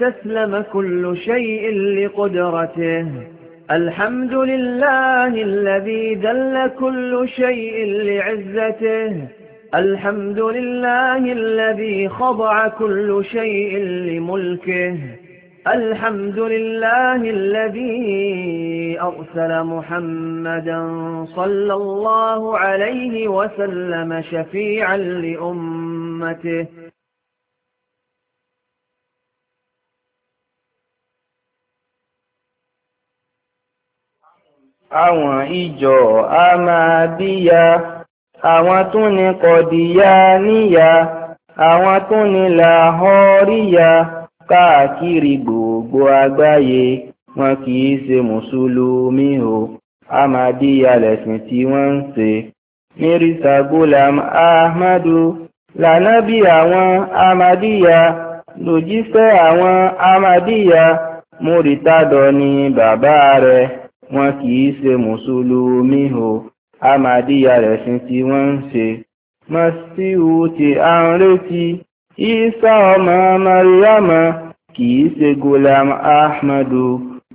تسلم كل شيء لقدرته الحمد لله الذي دل كل شيء لعزته الحمد لله الذي خضع كل شيء لملكه الحمد لله الذي أرسل محمدا صلى الله عليه وسلم شفيعا لأمته àwọn ìjọ amadíyà àwọn tún ní kọdíyà níyà àwọn tún ní làhọ́ríyà káàkiri gbogbo àgbáyé wọn kì í ṣe mùsùlùmí o amadíyà lẹ̀sìn tí wọ́n ń ṣe mírísà gulam ahmadu lànábì àwọn amadíyà lòjíṣẹ́ àwọn amadíyà múrítàdọ̀ ni bàbá rẹ̀ wọn kì í ṣe mùsùlùmí o amadíyà rẹ̀ sin tí wọ́n ń ṣe masihu tí a ń retí isa ọmọ mariama kì í ṣe gulam ahmadu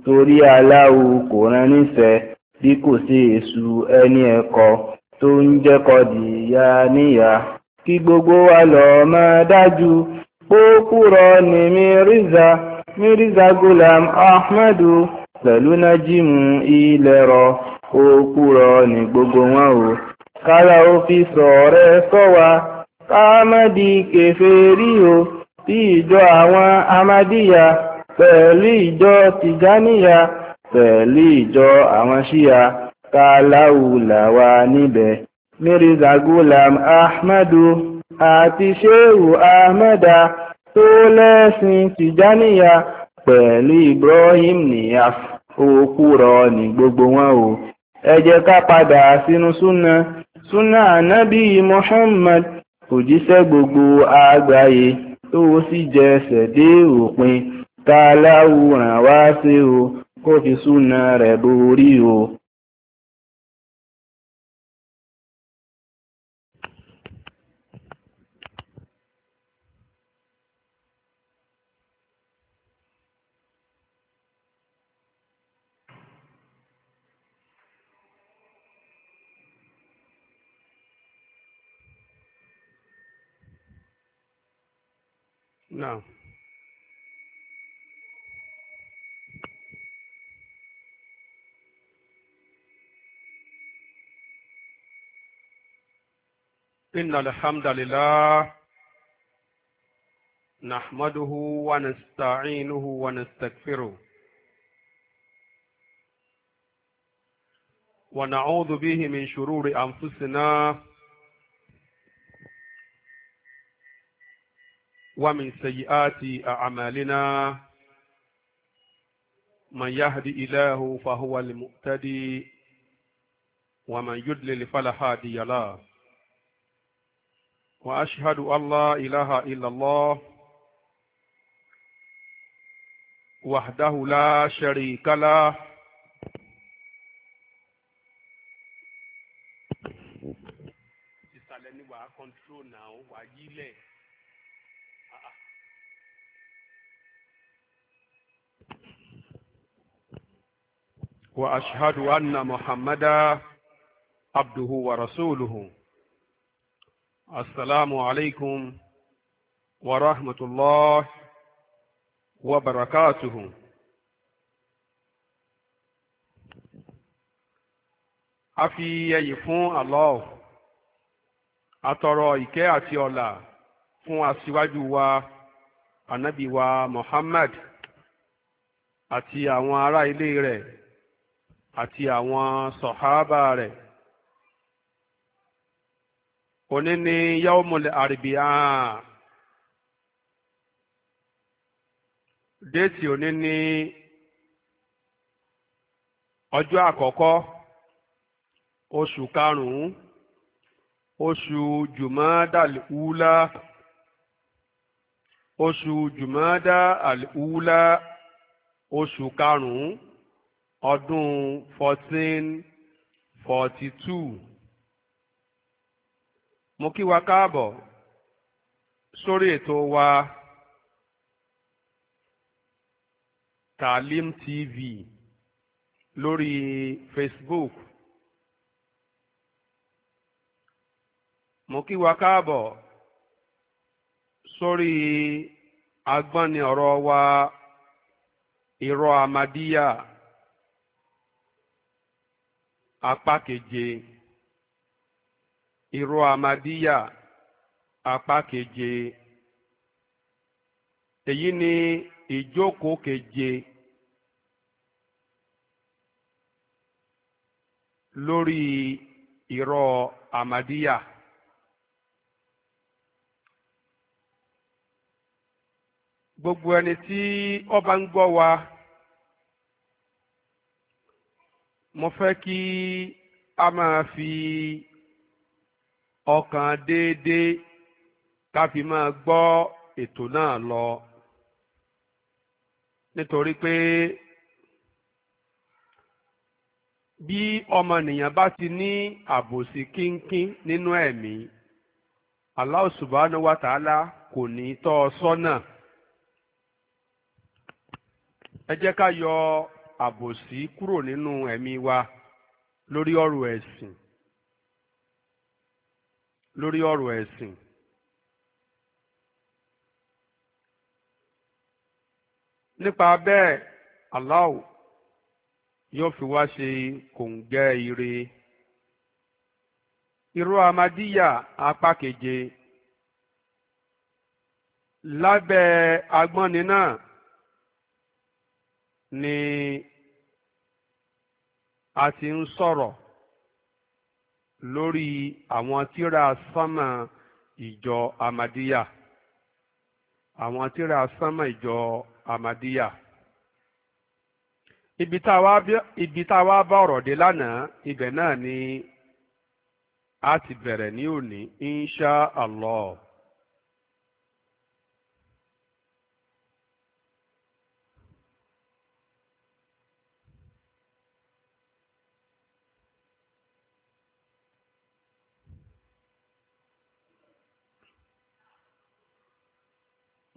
torí aláwo kò rán nífẹ̀ẹ́ bí kò sí èṣù ẹni ẹ̀kọ́ tó ń jẹ́kọ̀ dìyà níyà kí gbogbo wa lọ máa dájú pókúrọ ní mírízà mírízà gulam ahmadu pẹ̀lú nájímù ilẹ̀rọ òkúrọ ní gbogbo wọn o kára ó fi sọ̀rẹ́ sọ́wa káàmọ́dì kèfèrí o sí ìjọ àwọn amadíyà pẹ̀lú ìjọ tìjáníyà pẹ̀lú ìjọ àwọn ṣíyà káláwùlàwà níbẹ̀ mírízà gulam ahmadu àti ṣéhù ahmada tó lẹ́sìn tìjáníyà pẹ̀lú ibrahim niyaf òkú rọ ní gbogbo wọn o ẹ jẹ́ ká padà sínú súnà súnà ànábì Muhammad òjíṣẹ́ gbogbo àgbáyé tó sì jẹsẹ̀ dé òpin ká láwùrán wá sí o kó fi súnà rẹ̀ borí o. نعم إن الحمد لله نحمده ونستعينه ونستغفره ونعوذ به من شرور أنفسنا ومن سيئات أعمالنا من يهدي إله فهو المؤتدي ومن يدلل فلا هادي له وأشهد أن لا إله إلا الله وحده لا شريك له control now. why you yielding. وأشهد أن محمدا عبده ورسوله السلام عليكم ورحمة الله وبركاته a fi ẹyìn fún Allah àtọrọ ìkẹ́ àti ọlà fún aṣíwájú wa ànábì wa Muhammad àti àwọn ará ilé rẹ̀ àti àwọn sọ̀hábà rẹ̀ òní ni yaumul arbi'a déètì òní ni ọjọ́ àkọ́kọ́ oṣù karùn-ún oṣù jùmọ́dá àlùúlá oṣù jùmọ́dá àlùúlá oṣù karùn-ún ọdún 1442, forty two mo kí wa káàbọ̀ sórí ètò wa TV lórí Facebook mo kí wa káàbọ̀ sórí agbọ́ni ọ̀rọ̀ wa ìrọ̀ apá keje irọ́ amadíyà apá keje èyí ni ìjókòó keje lórí irọ́ amadíyà. gbogbo ẹni tí ọba ń gbọ́ wa. mo fẹ́ kí a máa fi ọkàn déédéé ká fi máa gbọ́ ètò náà lọ nítorí pé bí ọmọnìyàn bá ti ní àbòsí kínkín nínú ẹ̀mí Allah subhanahu kò ní tọ́ ọ sọ́nà ẹ jẹ́ ká yọ àbòsí kúrò nínú ẹ̀mí wa lórí ọ̀rọ̀ ẹ̀sìn lórí ọ̀rọ̀ ẹ̀sìn. nípa bẹ́ẹ̀ Allah yóò fi wá ṣe kòǹgẹ́ ire irú amadíyà apá keje lábẹ́ agbọ́ni náà ni a ti ń sọ̀rọ̀ lórí àwọn tíra sánmà ìjọ Ahmadiyya àwọn tíra sánmà ìjọ Ahmadiyya ibi tá a wá bá ọ̀rọ̀ dé lánàá ibẹ̀ náà ni a ti bẹ̀rẹ̀ ní òní insha Allah.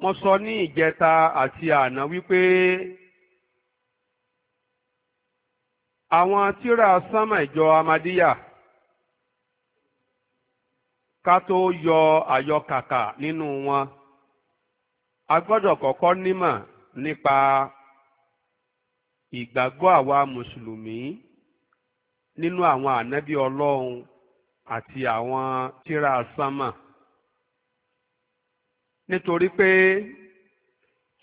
mo sọ ní ìjẹta àti àná wípé àwọn tíra sámà ìjọ amadíyà ká tó yọ àyọkàkà nínú wọn a gbọ́dọ̀ kọ́kọ́ nímọ̀ nípa ìgbàgbọ́ àwa mùsùlùmí nínú àwọn ànábì ọlọ́run àti àwọn tíra sámà nítorí pé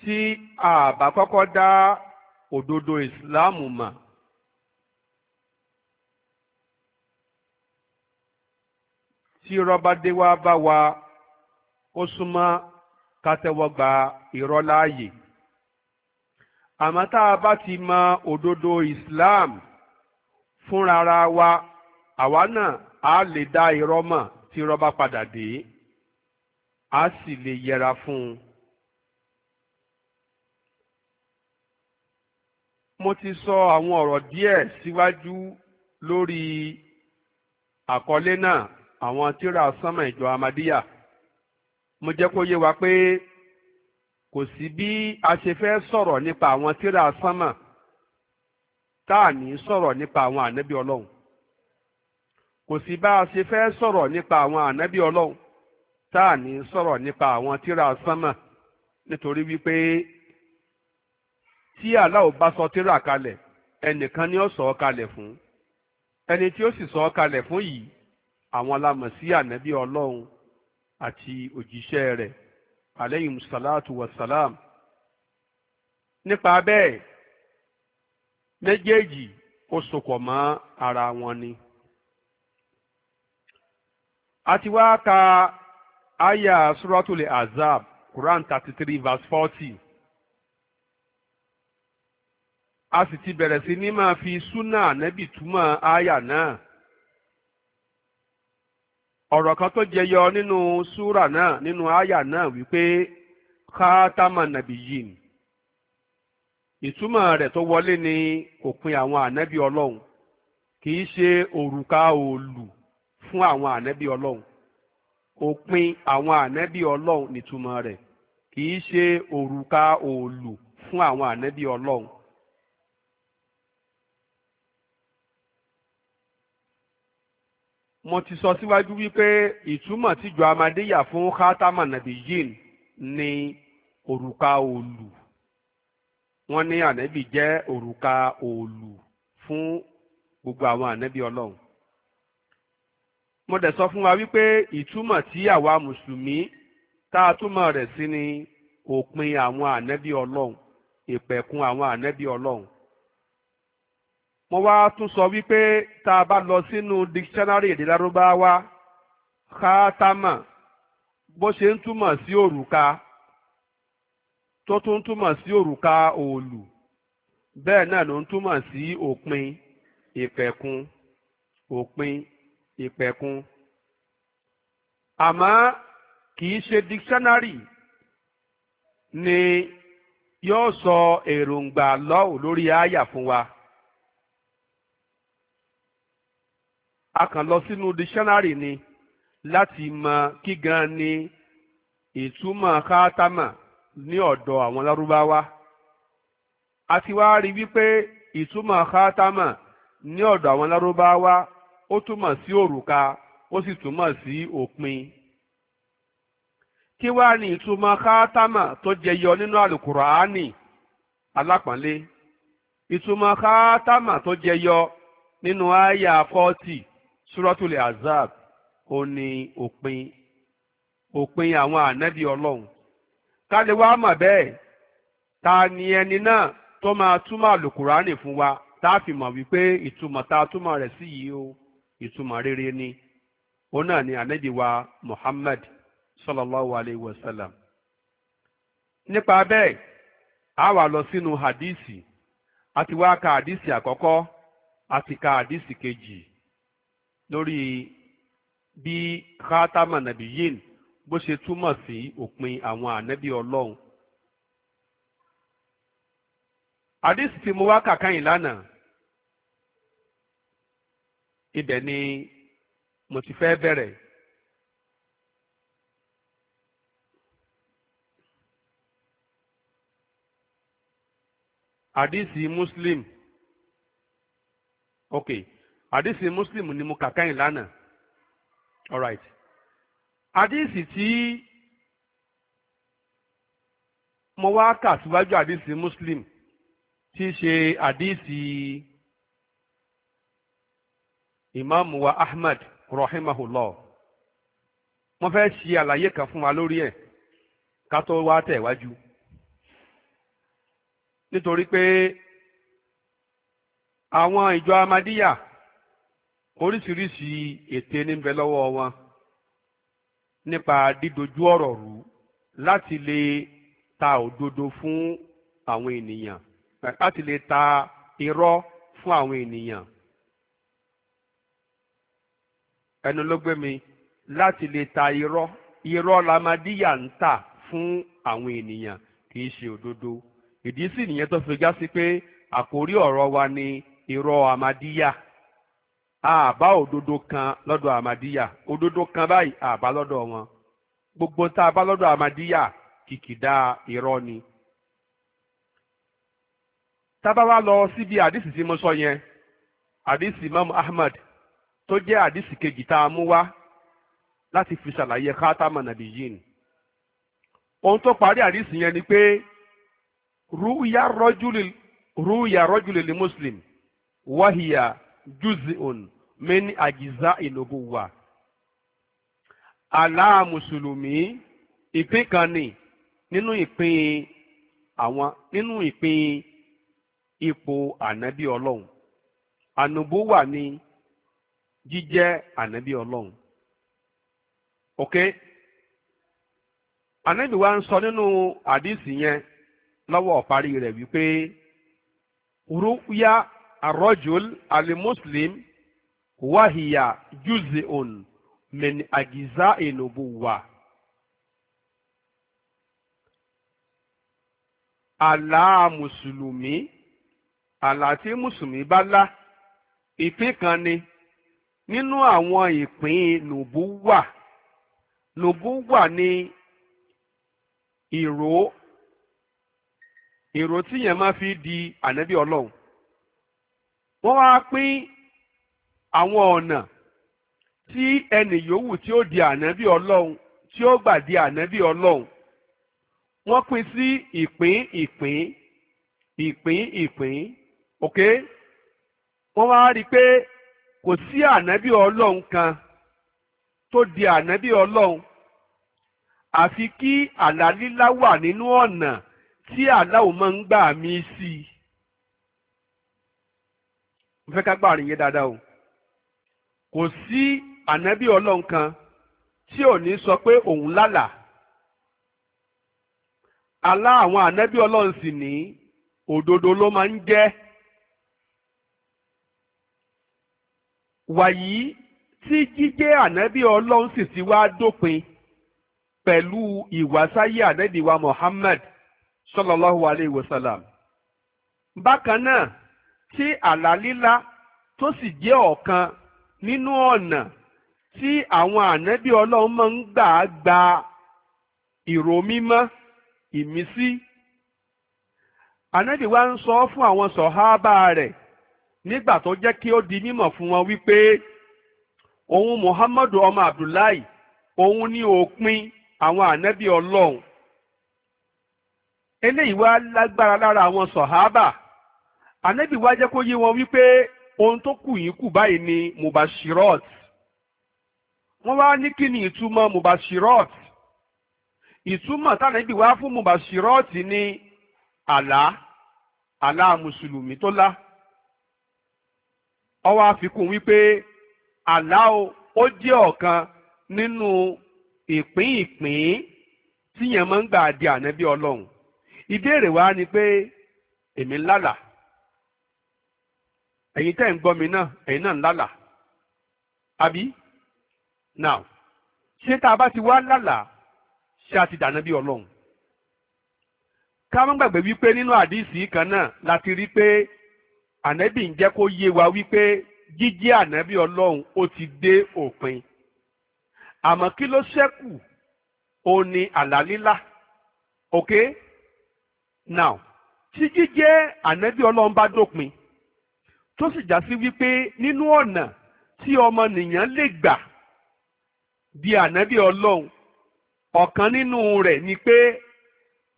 tí a bá kọ́kọ́ dá òdodo ìsìláàmù mọ̀ tí irọ́ bá dé wá bá wa ó súnmọ́ ká tẹ́wọ́ gba irọ́ láàyè àmọ́ tá a bá ti mọ òdodo Islam fúnra wa àwa náà á lè dá irọ́ mọ̀ tí irọ́ padà dé a sì lè yẹra fún un. mo ti sọ àwọn ọ̀rọ̀ díẹ̀ síwájú lórí àkọlé náà àwọn tíra sánmà ìjọ amadíyà mo jẹ́ kó yé wa pé kò sí bí a ṣe fẹ́ sọ̀rọ̀ nípa àwọn tíra sánmà tá à ní sọ̀rọ̀ nípa àwọn ànábì ọlọ́run kò sí bá a ṣe fẹ́ sọ̀rọ̀ nípa àwọn ànábì ọlọ́run tá à ní sọ̀rọ̀ nípa àwọn tíra sánmà nítorí wípé tí aláwo bá sọ tíra kalẹ̀ ẹnìkan ni ó sọ ọ́ kalẹ̀ fún ẹni tí ó sì sọ ọ́ kalẹ̀ fún yìí àwọn alámọ̀ sí ànábì ọlọ́run àti òjíṣẹ́ rẹ̀ aleyhim salatu wa salam nípa bẹ́ẹ̀ méjèèjì ó sopọ̀ mọ́ ara wọn ni. a ti wá ka aya suratul azab quran thirty verse a sì ti bẹ̀rẹ̀ sí ní máa fi súnà ànẹ́bì túmọ̀ aya náà ọ̀rọ̀ kan tó jẹyọ nínú súrà náà nínú aya náà wípé káátámà yin ìtumọ̀ rẹ̀ tó wọlé ní òpin àwọn ànẹ́bí ọlọ́run kì í ṣe òrùka òòlù fún òpin àwọn ànábì ọlọ́run nìtumọ̀ rẹ̀ kì í ṣe òrùka òòlù fún àwọn ànábì ọlọ́run. mo ti sọ síwájú wípé ìtumọ̀ tíjọ amadéyà fún kátàmà nàbíyìn ni òrùka òòlù wọ́n ní ànábì jẹ́ òrùka òòlù fún gbogbo àwọn ànábì ọlọ́run mo dẹ̀ sọ fún wa wípé ìtumọ̀ tí àwa mùsùlùmí tá a túmọ̀ rẹ̀ sí ni òpin àwọn ànábì ọlọ́run ìpẹ̀kun àwọn ànábì ọlọ́run mo wá tún sọ wípé tá a bá lọ sínú dictionary èdè lárúbáwá káátámà bó ṣe ń túmọ̀ sí òrùka tó tún túmọ̀ sí òrùka òòlù bẹ́ẹ̀ náà ló ń túmọ̀ sí òpin ìpẹ̀kun òpin ìpẹ̀kun àmọ́ kìí ṣe dictionary ni yóò sọ èròǹgbà lọ́wọ́ lórí àyà fún wa. a kàn lọ sínú dictionary ni láti mọ kí gan ni ìtumọ̀ káátámà ní ọ̀dọ̀ àwọn lárúbáwá a ti wá rí wípé ìtumọ̀ káátámà ní ọ̀dọ̀ àwọn lárúbáwá ó túmọ̀ sí òrùka ó sì túmọ̀ sí òpin kí wàá ní ìtumọ̀ káátámà tó jẹyọ nínú àlùkùránì alápọ̀nlé ìtumọ̀ káátámà tó jẹyọ nínú àyà fọ́tì sùrọ́tùlì azab ó ní òpin òpin àwọn ànábì ọlọ́run ká lè wá mọ̀ bẹ́ẹ̀ ta ni ẹni náà tó máa túmọ̀ àlùkùránì fún wa tá a fi mọ̀ wípé ìtumọ̀ tá a túmọ̀ rẹ̀ sí yìí o. ìtumọ̀ rere ni òun náà ni ànábì wa Muhammad sallallahu alayhi wa sallam nípa bẹ́ẹ̀ a wà lọ sínú hadisi a ti wá ka hadisi àkọ́kọ́ a ti ka hadisi kejì lórí bí khatama nabiyin bó ṣe túmọ̀ sí òpin àwọn ànábì ọlọ́run hadisi tí mo wá kà lánàá ibẹ̀ ni mo ti fẹ́ bẹ̀rẹ̀. àdìsí muslim ok àdìsí muslim ni mo kà kẹ́yìn lánàá alright àdìsí tí mo wá kà síwájú àdìsí muslim tí í ṣe àdìsí ìmáàmù wa Ahmad rahimahullah wọ́n fẹ́ ṣe àlàyé kan fún wa lórí ẹ̀ ká tó wá tẹ̀ wájú nítorí pé àwọn ìjọ amadíyà oríṣiríṣi ète ní bẹ lọ́wọ́ wọn nípa dídojú ọ̀rọ̀ rú láti lè ta òdodo fún àwọn ènìyàn láti lè ta irọ́ fún àwọn ènìyàn. ẹnu ló gbé mi láti lè ta irọ́ irọ́ lamadíyà ń tà fún àwọn ènìyàn kì í ṣe òdodo ìdí sì nìyẹn tó fi já sí pé àkórí ọ̀rọ̀ wa ni irọ́ amadíyà àbá òdodo kan lọ́dọ̀ amadíyà òdodo kan báyìí àbá lọ́dọ̀ wọn gbogbo tá a bá lọ́dọ̀ amadíyà kìkìdá irọ́ ni. tábà wá lọ síbi àdìsí tí mo sọ yẹn àdìsí imam ahmad tó jẹ́ àdìsí kejì tá a mú wá láti fi ṣàlàyé kátámà nàbìyìn ohun tó parí àdìsí yẹn ni pé rúùyà rọ́júlì rúùyà rọ́júlì lè muslim wáhìyà juz'un min àjìzá ìnùbùwà àlá mùsùlùmí ìpín kan ni nínú ìpín àwọn nínú ìpín ipò ànábì ọlọ́run ànùbúwà ni jíjẹ́ ànábì ọlọ́run ok ànábì wa ń sọ nínú àdìsí yẹn lọ́wọ́ ọ̀parí rẹ̀ wípé rúyà arọ́jùl alimuslim wàhíyà juz'un min àgìzá ìnubuwà. àlá mùsùlùmí àlá tí mùsùlùmí bá lá ìpín kan ni nínú àwọn ìpín nùbúwà nùbúwà ni ìró ìró tí yẹn máa fi di ànábì ọlọ́run wọ́n wá pín àwọn ọ̀nà tí ẹnì yòówù tí ó di ànábì ọlọ́run tí ó gbà di ànábì ọlọ́run wọ́n pín sí ìpín ìpín ìpín ìpín ok wọ́n wá rí i pé kò sí ànábì ọlọ́run kan tó di ànábì ọlọ́run àfi kí àlá wà nínú ọ̀nà tí àlá ò máa ń gbà mí sí i. mo fẹ́ ká gbà rìn yẹn dáadáa o kò sí ànábì ọlọ́run kan tí ò ní sọ pé òun lálà àlá àwọn ànábì ọlọ́run sì ní òdodo ló máa ń jẹ́. wàyí tí jíjẹ́ ànábì ọlọ́run sì ti wá dópin pẹ̀lú ìwàsáyé ànábì wa Muhammad sallallahu alayhi wa sallam. bákan náà tí àlá tó sì jẹ́ ọ̀kan nínú ọ̀nà tí àwọn ànábì ọlọ́run máa ń gbà á gba ìró mímọ́ ìmísí. ànábì wa ń sọ fún àwọn sọ̀hábà rẹ̀ nígbà tó jẹ́ kí ó di mímọ̀ fún wọn wípé òun muhammadu ọmọ abdullahi òun ni òpin àwọn ànábì ọlọ́run eléyìí wá lágbára lára àwọn sọ̀hábà ànábì wá jẹ́ kó yé wọn wípé ohun tó kù yín kù báyìí ni mubashirot wọ́n wá ní kí ni ìtumọ̀ mubashirot ìtumọ̀ tànábì wá fún mubashirot ni àlá àlá mùsùlùmí tó lá ó wá àfikún wípé Allah ó jẹ́ ọ̀kan nínú ìpín ìpín tíyẹn máa ń gbà di ànábì ọlọ́run ìbéèrè wa ni pé èmi ń lálà ẹ̀yin tẹ́ ń gbọ́ mi náà ẹ̀yin náà ń lálà àbí now ṣé tá a bá ti wá lálà ṣé a ti dànábì ọlọ́run ká má gbàgbé wípé nínú àdìsí kan náà la rí pé ànábì ń jẹ́ kó yé wa wípé jíjẹ́ ànábì ọlọ́run ó ti dé òpin àmọ́ kí ló ṣẹ́kù ó ní àlá ok now tí jíjẹ́ ànábì ọlọ́run bá dópin tó sì já sí wípé nínú ọ̀nà tí ọmọnìyàn lè gbà di ànábì ọlọ́run ọ̀kan nínú rẹ̀ ni pé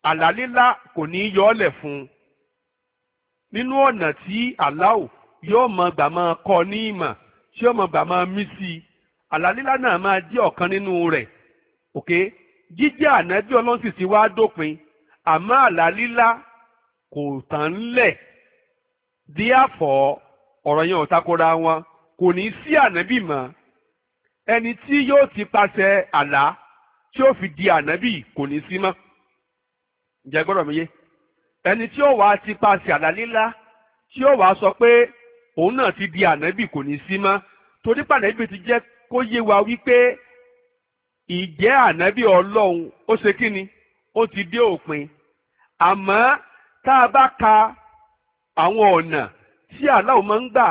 àlá kò ní yọ ọ́ lẹ̀ fún un nínú ọ̀nà tí aláwò yóò mọ gbà máa kọ ní ìmọ̀ tí yóò mọ gbà máa mí sí i àlàlílá náà máa jẹ́ ọ̀kan nínú rẹ̀ òkè jíjẹ́ ànábì ọlọ́run sì ti wá dópin àmọ́ àlàlílá kò tán lẹ̀ díàfọ̀ ọ̀rọ̀ yẹn ò takora wọn kò ní sí ànábì mọ́ ẹni tí yóò ti pàṣẹ àlá tí ó fi di ànábì kò ní sí mọ́ ǹjẹ́ gbọ́dọ̀ mi yé ẹni tí ó wàá ti paṣẹ àlálílá tí ó wàá sọ pé òun náà ti di ànábì kò ní sí mọ́ torí pànábì ti jẹ́ kó yé wa wípé ìjẹ́ ànábì ọlọ́run ó ṣe kí ni ó ti dé òpin àmọ́ tá a bá ka àwọn ọ̀nà tí aláwo máa ń gbà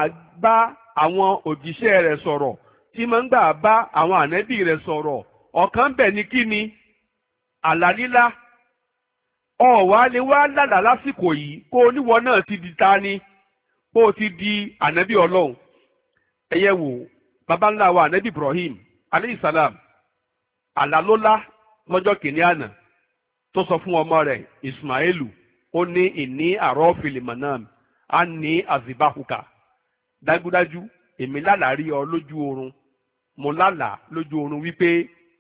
bá àwọn òjíṣẹ́ rẹ̀ sọ̀rọ̀ tí máa ń gbà bá àwọn ànábì rẹ̀ sọ̀rọ̀ ọ̀kan bẹ̀ ni kí ni àlálílá ọ̀wá lè wá lálà lásìkò yìí kó oníwọ náà ti di ta ni kó o ti di ànábì ọlọ́run ẹ̀yẹ wò bàbá ńlá wa ànábì Ibrahim aleyhisalaam àlálólá lọ́jọ́ kìíní àná tó sọ fún ọmọ rẹ̀ Ismailu ó ní ìní àrọ́ fìlìmọ̀nàm á ní àzìbáhùkà dájúdájú èmi lálàá rí ọ lójú oorun mo lálàá lójú oorun wípé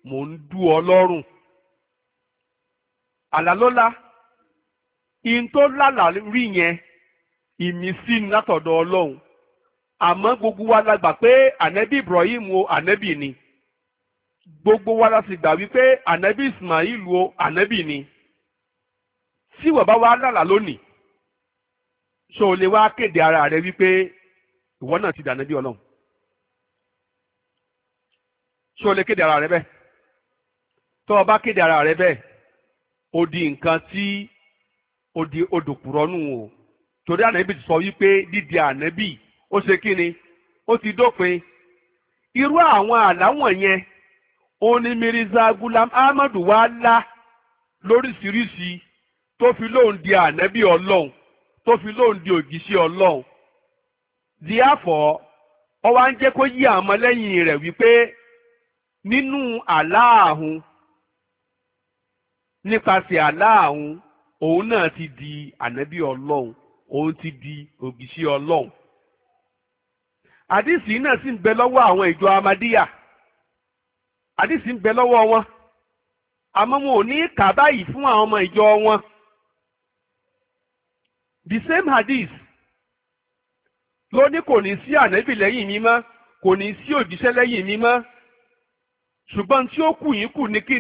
mò ń dú ọ lọ́rùn àlálólá in tó lálà rí yẹn ìmísí ni látọ̀dọ̀ ọlọ́run àmọ́ gbogbo wa la gbà pé ànẹ́bí Ibrahim o ànẹ́bí ni gbogbo wa la sì gbà wípé ànẹ́bí Ismail o ànẹ́bí ni tí wọ́n bá wá lálà lónìí ṣó o lè wá kéde ara rẹ wípé ìwọ náà ti dànẹ́bí ọlọ́run ṣó o lè kéde ara rẹ bẹ́ẹ̀ tó o bá kéde ara rẹ bẹ́ẹ̀ ó nǹkan tí odi odòkùrọ́nù o torí ànábì sọ wípé dídi ànábì ó ṣe kí ni ó ti dópin irú àwọn àláwọ̀n yẹn ó ní Mirza Gulam Ahmadu wa lá lóríṣiríṣi tó fi lóun di ànábì ọlọ́run tó fi lóun di òjíṣẹ́ ọlọ́run therefore ó wá ń jẹ́ kó yí àwọn ọmọlẹ́yìn rẹ̀ wípé nínú àlá àhún nípasẹ̀ àlá àhún òun náà ti di ànábì ọlọ́run òun ti di ògìṣẹ́ ọlọ́run àdìsí náà sì ń bẹ lọ́wọ́ àwọn ìjọ amadíyà àdìsí ń bẹ lọ́wọ́ wọn àmọ́ wọn ò ní kà báyìí fún àwọn ọmọ ìjọ wọn the same hadith ló ní kò ní sí ànábì lẹ́yìn mi mọ́ kò ní sí òjíṣẹ́ lẹ́yìn mi mọ́ ṣùgbọ́n tí ó kù yín kù ní kí